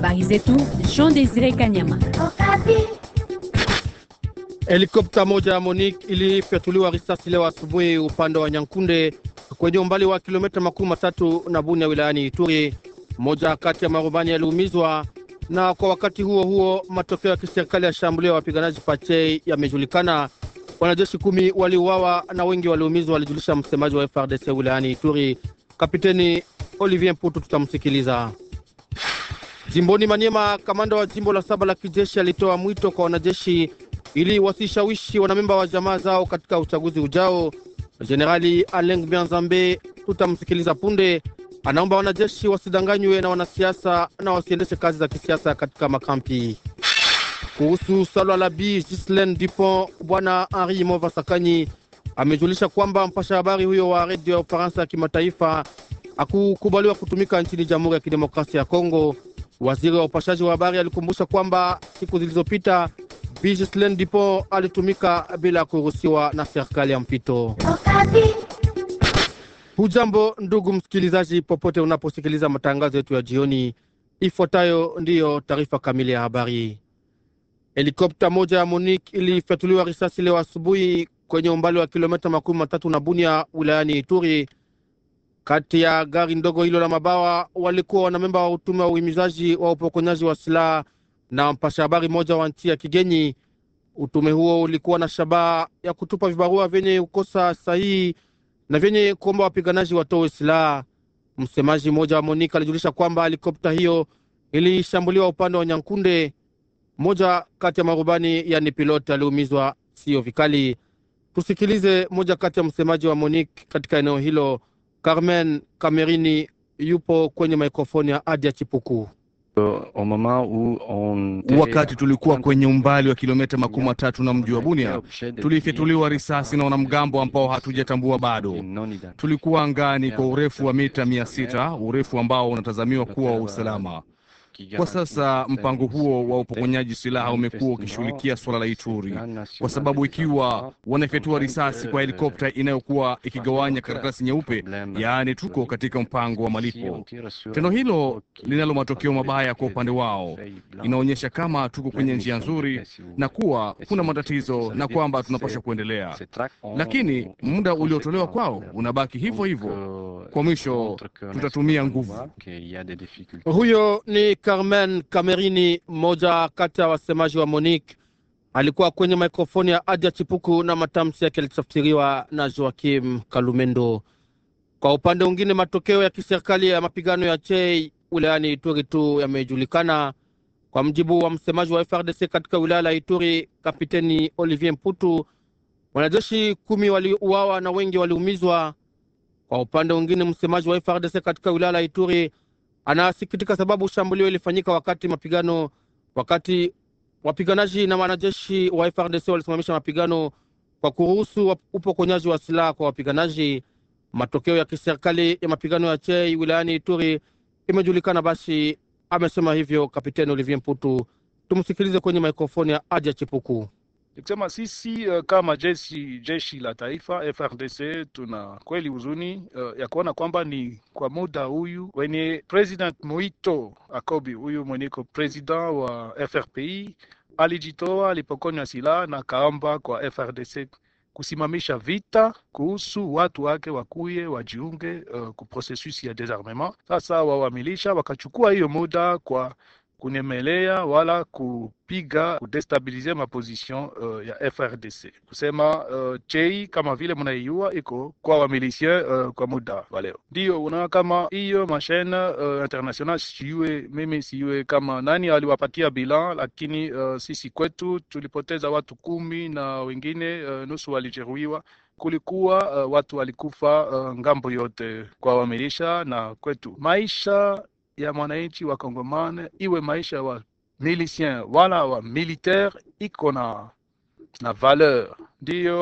Habari zetu Jean Desire Kanyama. Helikopta moja ya Monique ilifyatuliwa risasi leo asubuhi upande wa Nyankunde kwenye umbali wa kilomita makumi matatu na Bunia wilayani Ituri. Moja kati ya marubani yaliumizwa, na kwa wakati huo huo matokeo ya kiserikali ya shambulio ya wapiganaji Pachei yamejulikana. Wanajeshi kumi waliuawa na wengi waliumizwa, walijulisha msemaji wa FRDC wilayani Ituri, Kapiteni Olivier Mputu. Tutamsikiliza. Jimboni Manyema, kamanda wa jimbo la saba la kijeshi alitoa mwito kwa wanajeshi ili wasishawishi wanamemba wa jamaa zao katika uchaguzi ujao. Jenerali Aleng Bianzambe, tutamsikiliza punde, anaomba wanajeshi wasidanganywe na wanasiasa na wasiendeshe kazi za kisiasa katika makampi. Kuhusu swala la Bi Ghislaine Dupont, bwana Henri Mova Sakanyi amejulisha kwamba mpasha habari huyo wa redio ya Ufaransa ya kimataifa akukubaliwa kutumika nchini Jamhuri ya Kidemokrasia ya Kongo. Waziri wa upashaji wa habari alikumbusha kwamba siku zilizopita Ghislain alitumika bila kuruhusiwa na serikali ya mpito. Hujambo ndugu msikilizaji, popote unaposikiliza matangazo yetu ya jioni. Ifuatayo ndiyo taarifa kamili ya habari. Helikopta moja ya MONUC ilifyatuliwa risasi leo asubuhi kwenye umbali wa kilomita makumi matatu na Bunia wilayani Ituri kati ya gari ndogo hilo la mabawa walikuwa wanamemba wa utume wa uhimizaji wa upokonyaji wa silaha na mpasha habari mmoja wa nchi ya kigeni. Utume huo ulikuwa na shabaha ya kutupa vibarua vyenye kukosa sahihi na vyenye kuomba wapiganaji watowe silaha. Msemaji mmoja wa Monika alijulisha kwamba helikopta hiyo ilishambuliwa upande wa Nyankunde. Mmoja kati ya marubani, yani piloti, aliumizwa sio vikali. Tusikilize moja kati ya msemaji wa Monik katika eneo hilo. Carmen Kamerini yupo kwenye mikrofoni ya Adia Chipuku. Wakati tulikuwa kwenye umbali wa kilomita makumi matatu na mji wa Bunia, tulifyatuliwa risasi na wanamgambo ambao hatujatambua bado. Tulikuwa angani kwa urefu wa mita mia sita, urefu ambao unatazamiwa kuwa wa usalama. Kwa sasa mpango huo wa upokonyaji silaha umekuwa ukishughulikia suala la Ituri, kwa sababu ikiwa wanafyatua risasi kwa helikopta inayokuwa ikigawanya karatasi nyeupe, yaani tuko katika mpango wa malipo. Tendo hilo linalo matokeo mabaya kwa upande wao, inaonyesha kama tuko kwenye njia nzuri na kuwa kuna matatizo na kwamba tunapaswa kuendelea, lakini muda uliotolewa kwao unabaki hivyo hivyo. Kwa mwisho, tutatumia nguvu. Huyo ni Carmen Camerini, mmoja kati ya wasemaji wa Monique, alikuwa kwenye mikrofoni ya Adia Chipuku na matamshi yake yalitafsiriwa na Joachim Kalumendo. Kwa upande mwingine, matokeo ya kiserikali ya mapigano ya Chei wilayani Ituri tu yamejulikana. Kwa mjibu wa msemaji wa FRDC katika wilaya la Ituri, Kapiteni Olivier Mputu, wanajeshi kumi waliuawa na wengi waliumizwa. Kwa upande mwingine, msemaji wa FRDC katika wilaya la Ituri anasikitika sababu shambulio ilifanyika wakati mapigano, wakati wapiganaji na wanajeshi wa FRDC walisimamisha mapigano kwa kuruhusu upokonyaji wa silaha kwa wapiganaji. Matokeo ya kiserikali ya mapigano ya Chei wilayani Ituri imejulikana basi, amesema hivyo Kapiteni Olivier Mputu. Tumsikilize kwenye maikrofoni ya Aja Chipuku ni kusema sisi uh, kama jeshi, jeshi la taifa FRDC tuna kweli huzuni uh, ya kuona kwamba ni kwa muda huyu wenye President Muito Akobi huyu mweniko president wa FRPI alijitoa alipokonywa silaha na kaamba kwa FRDC kusimamisha vita kuhusu watu wake wakuye wajiunge uh, ku processus ya desarmement. Sasa wawamilisha wakachukua hiyo muda kwa kunyemelea wala kupiga kudestabilize maposition uh, ya FRDC kusema uh, chei kama vile mnaijua iko kwa wamilisien uh, kwa muda waleo, ndio unaona kama hiyo mashene uh, international siwe mimi siwe kama nani aliwapatia bilan, lakini uh, sisi kwetu tulipoteza watu kumi na wengine uh, nusu walijeruhiwa kulikuwa uh, watu walikufa uh, ngambo yote kwa wamilisha na kwetu maisha ya mwananchi wa Kongomane, iwe maisha wa milisien wala wa militaire, iko na na valeur. Ndiyo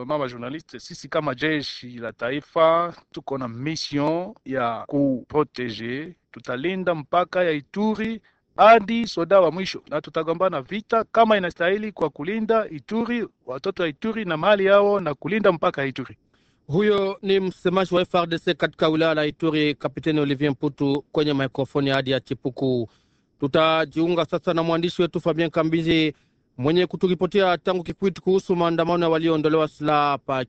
uh, mama journaliste, sisi kama jeshi la taifa tuko na mission ya kuprotege, tutalinda mpaka ya Ituri hadi soda wa mwisho, na tutagombana vita kama inastahili kwa kulinda Ituri, watoto wa Ituri na mali yao na kulinda mpaka ya Ituri. Huyo ni msemaji wa FRDC katika wilaya la Ituri, Kapiteni Olivier Mputu kwenye mikrofoni hadi ya Chipuku. Tutajiunga sasa na mwandishi wetu Fabien Kambizi mwenye kuturipotia tangu Kikwit kuhusu maandamano ya walioondolewa silaha pa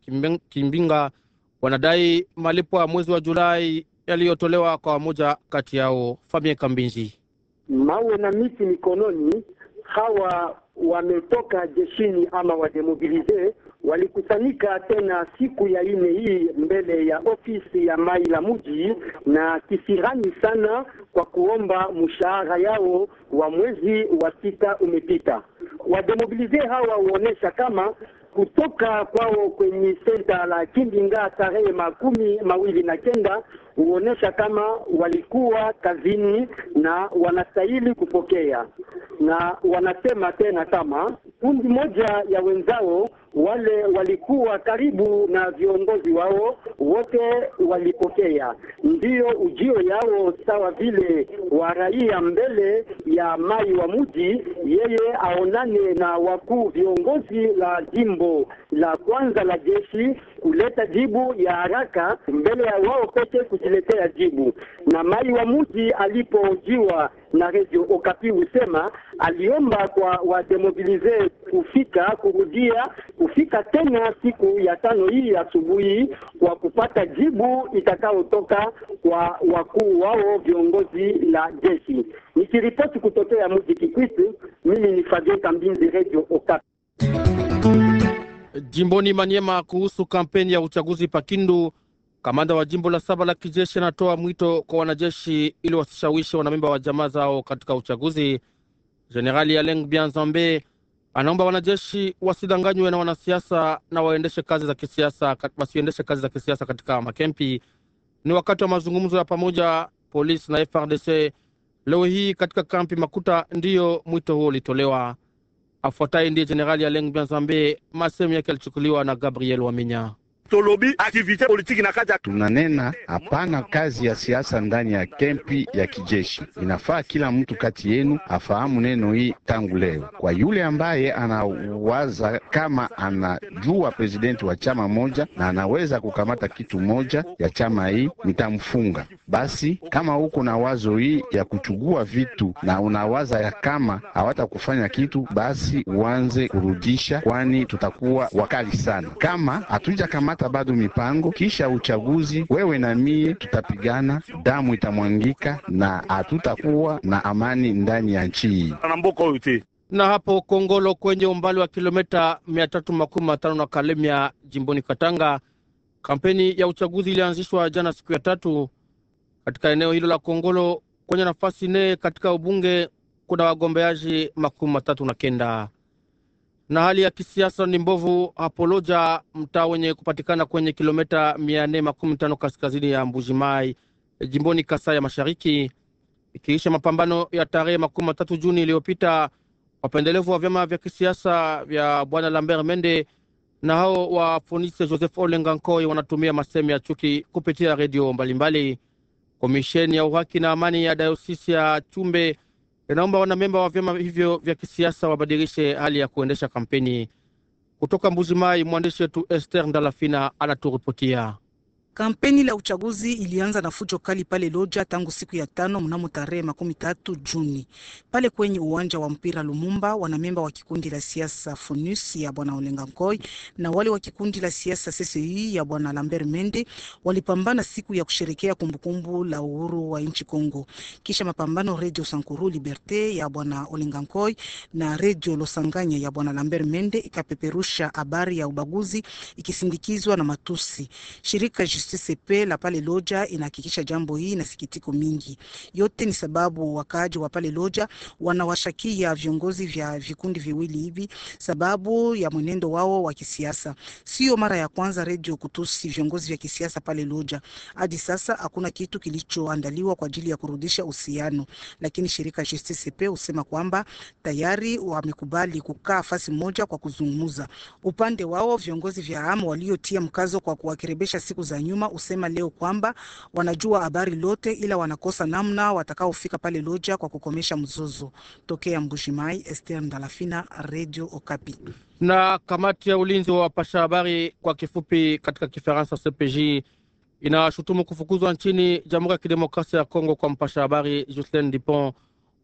Kimbinga. Wanadai malipo ya mwezi wa Julai yaliyotolewa kwa wamoja kati yao. Fabien Kambizi. mawe na miti mikononi, hawa wametoka jeshini ama wademobilize walikusanyika tena siku ya ine hii mbele ya ofisi ya mai la muji na kisirani sana kwa kuomba mshahara yao wa mwezi wa sita umepita. Wademobilize hawa huonesha kama kutoka kwao kwenye senta la kimbinga tarehe makumi mawili na kenda huonesha kama walikuwa kazini na wanastahili kupokea, na wanasema tena kama kundi moja ya wenzao wale walikuwa karibu na viongozi wao wote walipokea, ndiyo ujio yao sawa vile wa raia mbele ya mai wa mji, yeye aonane na wakuu viongozi la jimbo la kwanza la jeshi kuleta jibu ya haraka mbele ya wao peke kujiletea jibu. Na mali wa mji alipojiwa na Radio Okapi husema aliomba kwa wademobilize kufika kurudia kufika tena siku ya tano hii asubuhi kwa kupata jibu itakayotoka kwa wakuu wao viongozi la jeshi. Nikiripoti kutokea mji Kikwisi, mimi ni Fabien Kambinzi, Radio Okapi. Jimboni manyema kuhusu kampeni ya uchaguzi Pakindu, kamanda wa jimbo la saba la kijeshi anatoa mwito kwa wanajeshi ili wasishawishi wanamemba wa jamaa zao katika uchaguzi. Jenerali Aleng Bianzambe anaomba wanajeshi wasidanganywe na wanasiasa na waendeshe kazi za kisiasa, wasiendeshe kazi za kisiasa katika makempi. Ni wakati wa mazungumzo ya pamoja polisi na FRDC leo hii katika kampi Makuta, ndiyo mwito huo ulitolewa. Afuataye ndiye Jenerali Aleng Bianzambe, masehemu yake alichukuliwa na Gabriel Waminya. Tolobi, Tunanena hapana kazi ya siasa ndani ya kempi ya kijeshi. Inafaa kila mtu kati yenu afahamu neno hii tangu leo. Kwa yule ambaye anawaza kama anajua presidenti wa chama moja na anaweza kukamata kitu moja ya chama hii, nitamfunga basi kama huko na wazo hii ya kuchugua vitu na unawaza ya kama hawatakufanya kitu, basi uanze kurudisha, kwani tutakuwa wakali sana. Kama hatujakamata bado mipango, kisha uchaguzi, wewe na mie tutapigana, damu itamwangika na hatutakuwa na amani ndani ya nchi hii na hapo Kongolo kwenye umbali wa kilomita mia tatu makumi matano na Kalemia jimboni Katanga, kampeni ya uchaguzi ilianzishwa jana siku ya tatu. Katika eneo hilo la Kongolo kwenye nafasi nne katika ubunge kuna wagombeaji makumi matatu na kenda na hali ya kisiasa ni mbovu hapo Loja, mtaa wenye kupatikana kwenye kilomita mia nne makumi tano kaskazini ya Mbujimai, jimboni Kasai ya Mashariki. Ikiisha mapambano ya tarehe makumi matatu Juni iliyopita, wapendelevu wa vyama vya kisiasa vya bwana Lambert Mende na hao wa Fonise Joseph Olenga Nkoi wanatumia masemi ya chuki kupitia redio mbalimbali. Komisheni ya uhaki na amani ya dayosisi ya Chumbe inaomba wanamemba wa vyama hivyo vya kisiasa wabadilishe hali ya kuendesha kampeni. Kutoka Mbuzi Mai, mwandishi wetu Esther Ndalafina anaturipotia. Kampeni la uchaguzi ilianza na fujo kali pale Loja tangu siku ya tano mnamo tarehe makumi tatu Juni pale kwenye uwanja wa mpira Lumumba. Wanamemba wa kikundi la siasa FUNUS ya bwana Olenga Nkoi na wale wa kikundi la siasa CCI ya bwana Lambert Mende walipambana siku ya kusherekea kumbukumbu la uhuru wa nchi Kongo. Kisha mapambano, Radio Sankuru Liberte ya bwana Olenga Nkoi na Radio Losanganya ya bwana Lambert Mende ikapeperusha habari ya ubaguzi ikisindikizwa na matusi. Shirika Justice Sepe la pale Loja inahakikisha jambo hii na sikitiko mingi. Yote ni sababu wakaaji wa pale Loja wanawashakia viongozi vya vikundi viwili hivi sababu ya mwenendo wao wa kisiasa. Sio mara ya kwanza redio kutusi viongozi vya kisiasa pale Loja. Hadi sasa hakuna kitu kilichoandaliwa kwa ajili ya kurudisha uhusiano, lakini shirika Justice Sepe husema kwamba tayari wamekubali kukaa fasi moja kwa kuzungumza. Upande wao viongozi vya AMU waliotia mkazo kwa kuwakirebesha siku za nyo nyuma usema leo kwamba wanajua habari lote, ila wanakosa namna watakaofika pale Loja kwa kukomesha mzozo. Tokea Mbushimai, Esther dalafina Radio Okapi. Na kamati ya ulinzi wa wapasha habari kwa kifupi katika Kifaransa CPJ inashutumu kufukuzwa nchini Jamhuri ya Kidemokrasia ya Kongo kwa mpasha habari Justin Dupont,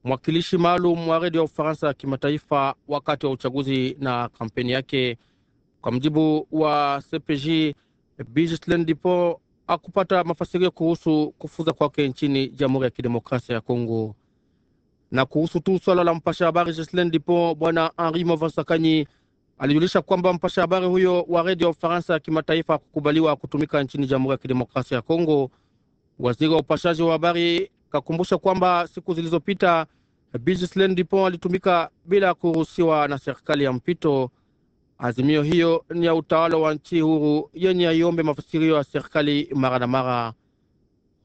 mwakilishi maalum wa redio ya Ufaransa ya kimataifa wakati wa uchaguzi na kampeni yake. Kwa mjibu wa CPJ, Bislend Dipo akupata mafasirio kuhusu kufuza kwake nchini Jamhuri ya Kidemokrasia ya Kongo. Na kuhusu tu swala la mpasha habari Gislin Dipo, bwana Henri Mavasakanyi alijulisha kwamba mpasha habari huyo wa redio ya ya kimataifa akukubaliwa kutumika nchini Jamhuri ya Kidemokrasia ya Kongo. Waziri wa upashaji wa habari kakumbusha kwamba siku zilizopita Gislin Dipo alitumika bila kuruhusiwa na serikali ya mpito. Azimio hiyo ni ya utawala wa nchi huru yenye aiombe mafasirio ya serikali mara na mara.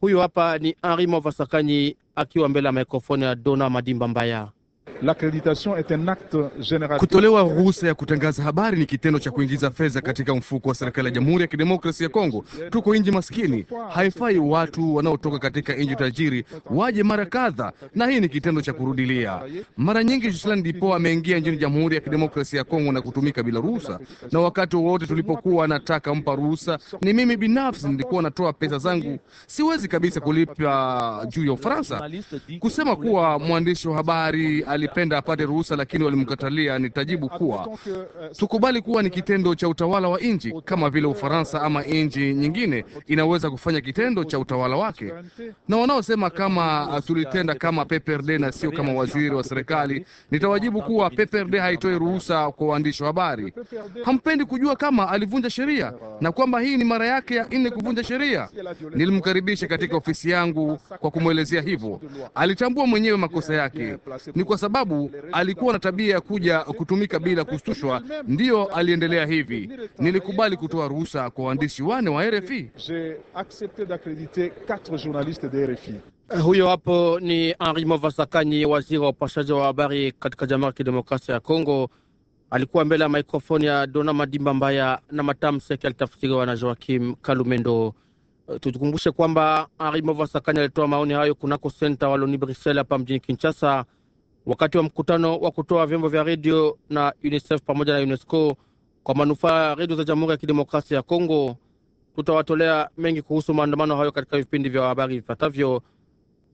Huyu hapa ni Henri Mavasakanyi akiwa mbele ya mikrofoni ya Dona Madimba Mbaya. Kutolewa ruhusa ya kutangaza habari ni kitendo cha kuingiza fedha katika mfuko wa serikali ya Jamhuri ya Kidemokrasia ya Kongo. Tuko nchi maskini, haifai watu wanaotoka katika nchi tajiri waje mara kadha, na hii ni kitendo cha kurudilia. Mara nyingi Juscelin Dipo ameingia nchini Jamhuri ya Kidemokrasia ya Kongo na kutumika bila ruhusa, na wakati wowote tulipokuwa nataka mpa ruhusa, ni mimi binafsi nilikuwa natoa pesa zangu. Siwezi kabisa kulipa juu ya Ufaransa kusema kuwa mwandishi wa habari ali angependa apate ruhusa, lakini walimkatalia. Nitajibu kuwa tukubali kuwa ni kitendo cha utawala wa nchi, kama vile Ufaransa ama nchi nyingine inaweza kufanya kitendo cha utawala wake. Na wanaosema kama tulitenda kama PPRD na sio kama waziri wa serikali, nitawajibu kuwa PPRD haitoi ruhusa kwa waandishi wa habari. Hampendi kujua kama alivunja sheria na kwamba hii ni mara yake ya nne kuvunja sheria. Nilimkaribisha katika ofisi yangu kwa kumwelezea hivyo, alitambua mwenyewe makosa yake. Ni kwa sababu sababu alikuwa na tabia ya kuja kutumika bila kustushwa, ndiyo aliendelea hivi. Nilikubali kutoa ruhusa kwa waandishi wane wa RFI. Eh, huyo hapo ni Henri Movasakanyi, waziri wa upashaji wa habari katika Jamhuri ya Kidemokrasia ya Kongo. Alikuwa mbele ya mikrofoni ya Dona Madimba Mbaya na Matam Seke, alitafsiriwa na Joakim Kalumendo. Eh, tukumbushe kwamba Henri Movasakanyi alitoa maoni hayo kunako senta Waloni Brisel hapa mjini Kinshasa wakati wa mkutano wa kutoa vyombo vya redio na UNICEF pamoja na UNESCO kwa manufaa ya redio za Jamhuri ya Kidemokrasia ya Kongo. Tutawatolea mengi kuhusu maandamano hayo katika vipindi vya habari vifuatavyo,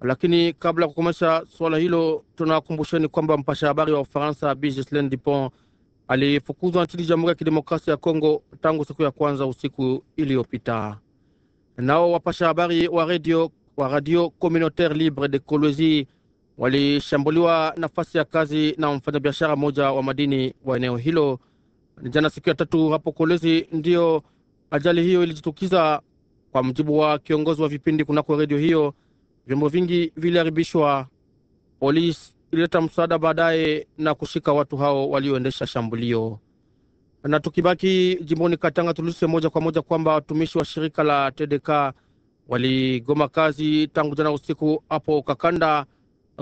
lakini kabla ya kukomesha suala hilo, tunawakumbusheni kwamba mpasha habari wa Ufaransa Bi Dupont alifukuzwa nchini Jamhuri ya Kidemokrasia ya Kongo tangu siku ya kwanza usiku iliyopita. Nao wapasha habari wa redio wa Radio Communautaire Libre de Colosie walishambuliwa nafasi ya kazi na mfanyabiashara mmoja wa madini wa eneo hilo jana siku ya tatu hapo Kolezi. Ndiyo ajali hiyo ilijitukiza. Kwa mjibu wa kiongozi wa vipindi kunako redio hiyo, vyombo vingi viliharibishwa. Polisi ilileta msaada baadaye na kushika watu hao walioendesha shambulio. Na tukibaki jimboni Katanga, tulise moja kwa moja kwamba watumishi wa shirika la TDK waligoma kazi tangu jana usiku hapo Kakanda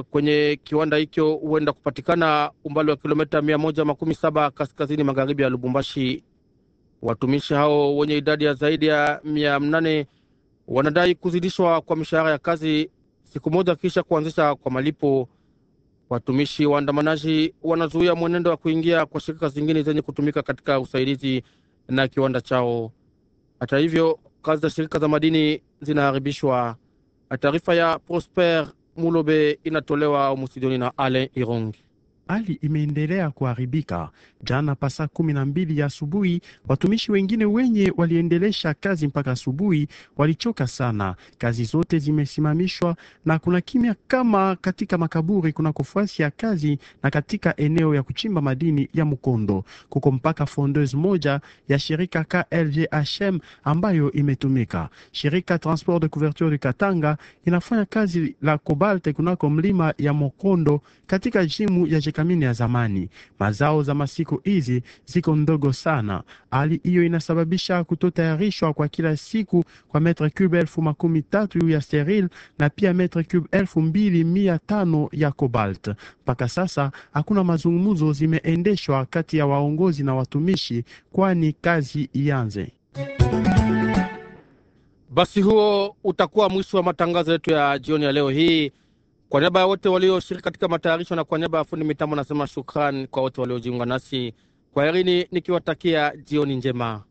kwenye kiwanda hicho huenda kupatikana umbali wa kilomita mia moja makumi saba kaskazini magharibi ya Lubumbashi. Watumishi hao wenye idadi ya zaidi ya mia mnane wanadai kuzidishwa kwa mishahara ya kazi siku moja kisha kuanzisha kwa malipo. Watumishi waandamanaji wanazuia mwenendo wa kuingia kwa shirika zingine zenye kutumika katika usaidizi na kiwanda chao. Hata hivyo, kazi za shirika za madini zinaharibishwa. Taarifa ya Prosper Mulobe inatolewa au mstudioni na Alain Irongi hali imeendelea kuharibika. Jana pasa kumi na mbili ya asubuhi, watumishi wengine wenye waliendelesha kazi mpaka asubuhi walichoka sana. Kazi zote zimesimamishwa na kuna kimya kama katika makaburi kuna kufuasi ya kazi na katika eneo ya kuchimba madini ya Mkondo kuko mpaka fondeuse moja ya shirika KLJHM ambayo imetumika. Shirika Transport de Couverture du Katanga inafanya kazi la kobalte kunako mlima ya Mkondo katika jimu ya vitamini ya zamani. Mazao za masiku hizi ziko ndogo sana. Hali hiyo inasababisha kutotayarishwa kwa kila siku kwa metre cube elfu makumi tatu ya steril na pia metre cube elfu mbili mia tano ya cobalt. Mpaka sasa hakuna mazungumzo zimeendeshwa kati ya waongozi na watumishi, kwani kazi ianze. Basi huo utakuwa mwisho wa matangazo yetu ya jioni ya leo hii. Kwa niaba ya wote walioshiriki katika matayarisho na kwa niaba ya fundi mitambo, nasema shukrani kwa wote waliojiunga nasi. Kwaherini nikiwatakia jioni njema.